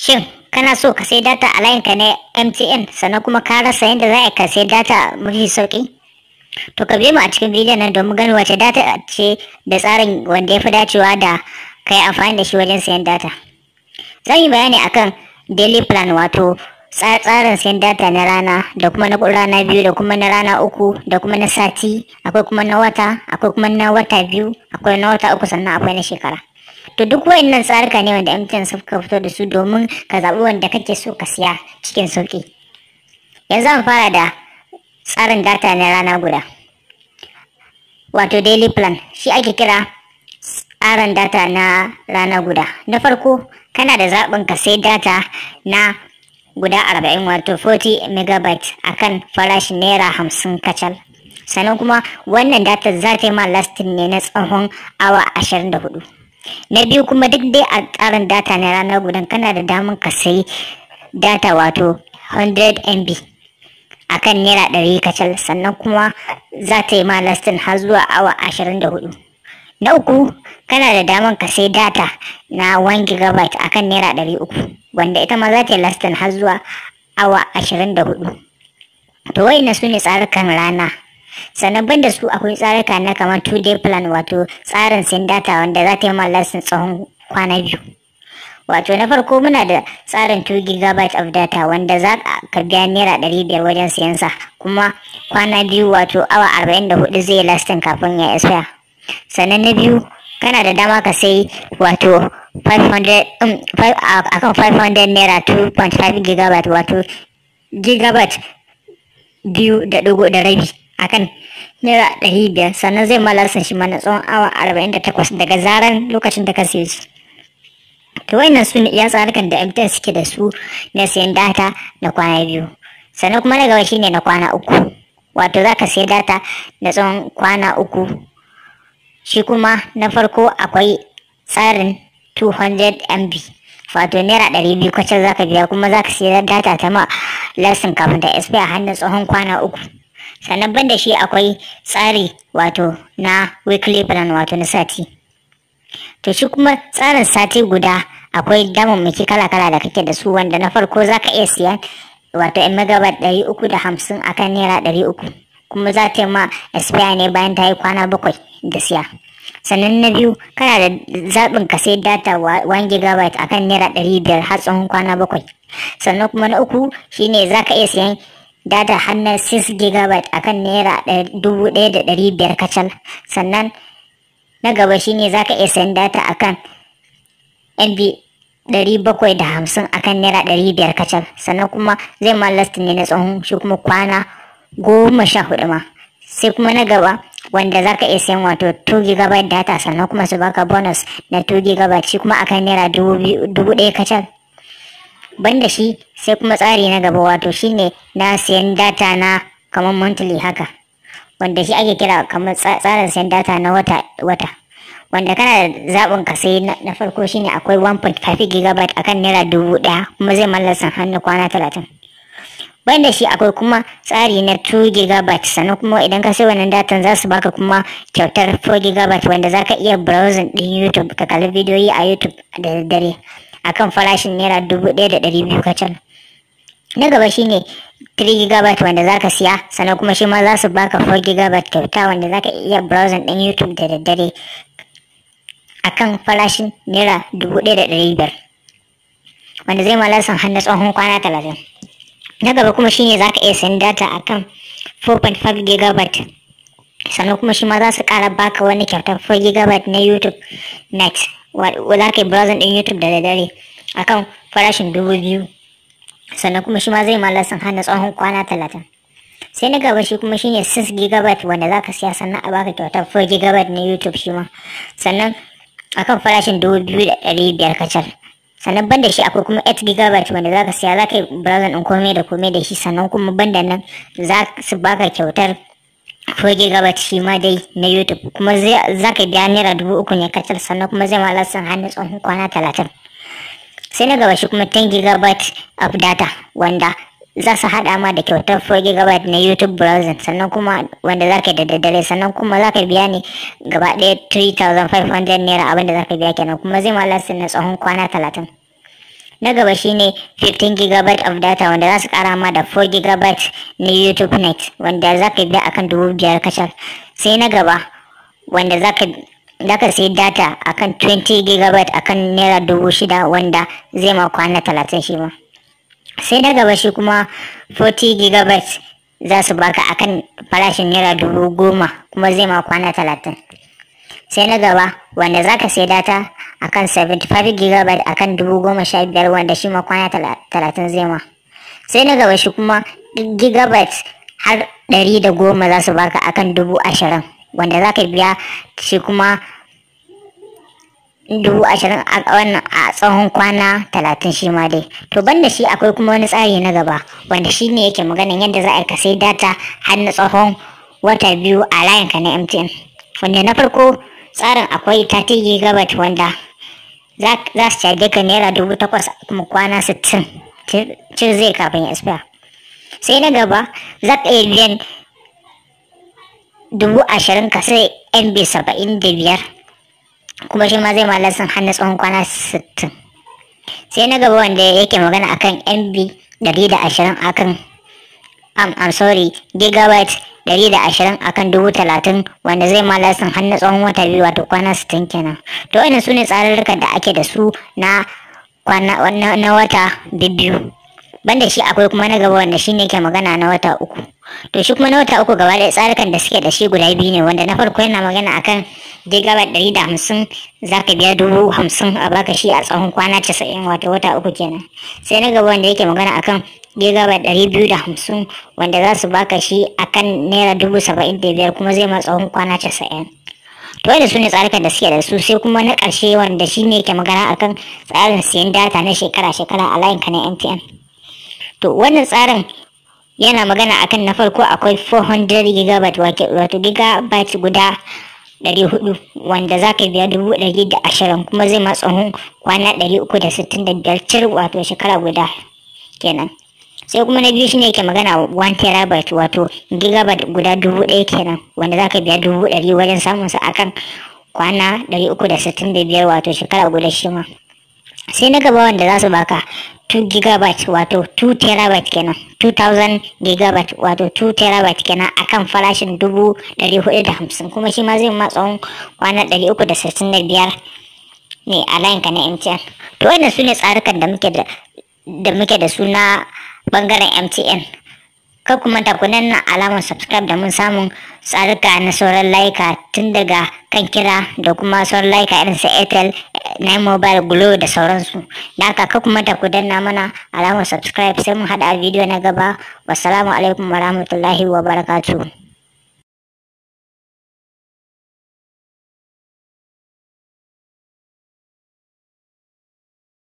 Shin kana so ka sai data a layin ka na MTN sannan kuma ka rasa yadda za ka sai data mafi sauki? To ka biyo mu a cikin bidiyon nan domin gani wace data ce da tsarin wanda ya dacewa da ka amfani da shi wajen sayan data. Zan yi bayani akan daily plan wato tsarin sayan data na rana da kuma na rana biyu da kuma na rana uku da kuma na sati akwai kuma na wata akwai kuma na wata biyu akwai na wata uku sannan akwai na shekara. to duk wayannan tsarika ne wanda MTN suka fito da su domin ka zaɓi wanda kake so ka siya cikin sauƙi yanzu an fara da tsarin data na rana guda wato daily plan shi ake kira tsarin data na rana guda na farko kana da zaɓin ka sai data na guda 40 wato 40 megabyte akan farashin naira 50 kacal sannan kuma wannan data za ta yi ma lastin ne na tsawon awa 24 na biyu kuma duk dai a tsarin data na ranar gudan kana da damar ka sayi data wato 100 mb a kan naira 100 kacal sannan kuma za ta yi ma lastin har zuwa awa 24 na uku kana da damar ka sai data na 1 gigabyte kan naira 300 uku wanda ita ma za ta yi lastin har zuwa awa 24 to wa'ina su ne tsarukan rana sannan ban da su akwai tsarika na kamar two day plan wato tsarin sin data wanda za ta yi sun tsawon kwana biyu wato na farko muna da tsarin 2 gigabyte of data wanda za ka biya naira biyar wajen siyan sa kuma kwana biyu wato awa arba'in da hudu zai lastin kafin ya isa. sannan na biyu kana da dama ka sai wato 500 akan 500 naira 2.5 gigabyte wato gigabyte biyu da dogo da rabi akan naira ɗari biyar sannan zai ma lasan shi ma na tsawon awa arba'in da takwas daga zaran lokacin da ka siye shi to wannan su ne iya tsarukan da mtn suke da su na siyan data na kwana biyu sannan kuma na gaba shine na kwana uku wato za ka siya data na tsawon kwana uku shi kuma na farko akwai tsarin 200 mb wato naira ɗari biyu kwacar za ka biya kuma za ka siya data ta ma lasin kafin da sp a hannun tsohon kwana uku sannan ban da shi akwai tsari wato na weekly plan wato na sati to shi kuma tsarin sati guda akwai damammaki kala-kala da kake da su wanda na farko za ka iya siyan wato 'yan megabat 350 akan naira 300 kuma za ta yi ma expire ne bayan ta yi kwana bakwai da siya sannan na biyu kana da zaɓin ka sai data 1 gigabyte kan naira ɗari biyar har tsawon kwana bakwai sannan kuma na uku shine za ka iya siyan data hannun 6 gigabyte akan naira 1,500 kacal sannan na gaba shine zaka iya sayan data akan MB 750 akan naira 500 kacal sannan kuma zai ma lastin ne na tsawon shi kuma kwana goma sha hudu ma sai kuma na gaba wanda za ka iya sayan wato 2 GB data sannan kuma su baka bonus na 2 GB shi kuma akan naira dubu kacal banda shi sai kuma tsari na gaba wato shine na siyan data na kamar monthly haka wanda shi ake kira kamar tsarin siyan data na wata wata wanda kana da zaɓin ka sai na farko shine akwai 1.5 gigabyte akan naira dubu ɗaya kuma zai mallasan hannu kwana talatin banda shi akwai kuma tsari na 2 gigabyte sannan kuma idan ka sai wannan datan za su baka kuma kyautar 4 gigabyte wanda za ka iya browsing din youtube ka kalli bidiyoyi a youtube da daddare akan farashin naira dubu ɗaya da ɗari biyu kacal na gaba shine 3 gigabyte wanda zaka siya sannan kuma shi ma za su baka 4 gigabyte kyauta wanda zaka iya browsing ɗin YouTube da daddare akan farashin naira dubu ɗaya da ɗari biyar wanda zai malasan hannu tsohon kwana talatin na gaba kuma shine zaka iya sayan data akan 4.5 gigabyte sannan kuma shi ma za su ƙara baka wani kyautar 4 gigabyte na YouTube Next za kai yi browsing ɗin youtube da daddare akan farashin dubu biyu sannan kuma shi ma zai san hana tsohon kwana talatin sai na gaba shi kuma shine 6 gigabyte wanda za ka siya sannan a baka kyautar 4 gigabyte na youtube shi ma sannan akan farashin dubu biyu da ɗari biyar kacal sannan banda shi akwai kuma 8 gigabyte wanda za ka siya za ka yi browser ɗin komai da komai da shi sannan kuma banda nan za su baka kyautar foge gabat shi ma dai na youtube kuma za ka biya naira dubu uku ne kacal sannan kuma zai sun hannu tsohon kwana talatin sai na gaba shi kuma 10 gigabyte of data wanda za su haɗa ma da kyautar 4 gigabyte na youtube browsing sannan kuma wanda za ka da daddare sannan kuma za ka biya ne gaba ɗaya 3500 naira abinda za ka biya kenan kuma zai sun na tsohon kwana talatin na gaba shine 15 GB of data wanda za su kara ma da 4 GB na YouTube Net wanda za ka biya akan dubu biyar kacal sai na gaba wanda za ka sai data akan 20 GB akan naira dubu shida wanda zai ma kwana talatin shi ma sai na gaba shi kuma 40 GB za su baka akan farashin naira dubu goma kuma zai ma kwana talatin sai na gaba wanda za ka sai data akan 75 GB akan 2015 wanda shi ma kwana 30 zai ma sai na gaba shi kuma gigabyte har 110 za su baka akan 20,000 wanda za ka biya shi kuma 20,000 a a tsawon kwana 30 shi ma dai to banda shi akwai kuma wani tsari na gaba wanda shi ne yake maganin yadda za a ka sai data har na tsawon wata biyu a layinka na mtn wanda na farko tsarin akwai 30 gigabyte wanda za su caje ka naira dubu takwas kuma kwana sittin cin zai kafin ya expire sai na gaba za ka iya biyan dubu ashirin ka sai mb saba'in da biyar kuma shi ma zai ma lasin hannu tsawon kwana sittin sai na gaba wanda yake magana akan mb dari da ashirin akan am um, am sorry gigabyte ɗari da ashirin akan dubu talatin wanda zai ma lasin har na tsawon wata biyu wato kwana sittin kenan to ina su ne tsarurrukan da ake da su na kwana na wata biyu banda shi akwai kuma na gaba wanda shine ke magana na wata uku to shi kuma na wata uku gaba ɗaya tsarukan da suke da shi guda biyu ne wanda na farko yana magana akan gigabat ɗari da hamsin za ka biya dubu hamsin a baka shi a tsawon kwana casa'in wato wata uku kenan sai na gaba wanda yake magana akan gigabyte ɗari biyu da hamsin wanda za su baka shi akan naira dubu saba'in da biyar kuma zai matsawon kwana casa'in to da su ne tsarika da suke da su sai kuma na ƙarshe wanda shi ne ke magana akan tsarin siyan data na shekara-shekara a layinka na mtn to wannan tsarin yana magana akan na farko akwai 400 gigabyte wato gigabyte guda 400 wanda za ka biya ashirin kuma zai matsa kwana 365 cir wato shekara guda kenan sai kuma na biyu shine yake magana one terabyte wato gigabyte guda dubu ɗaya kenan wanda zaka biya dubu ɗari wajen samun sa akan kwana ɗari uku da sittin da biyar wato shekara guda shi ma sai na gaba wanda za su baka two gigabyte wato two terabyte kenan thousand gigabyte wato two terabyte kenan akan farashin dubu ɗari hudu da hamsin kuma shi ma zai ma tsawon kwana ɗari uku da sittin da biyar ne a layinka na mtn to wannan su ne tsarukan da muke da da muke da su na bangaren mtn ka ku manta ku danna alamar subscribe da mun samu tsarika na sauran layuka tun daga kan kira da kuma sauran layuka irin su airtel na mobile glo da sauransu da haka ka ku manta ku mana alamar subscribe sai mun haɗa a bidiyo na gaba wassalamu alaikum warahmatullahi wabarakatuh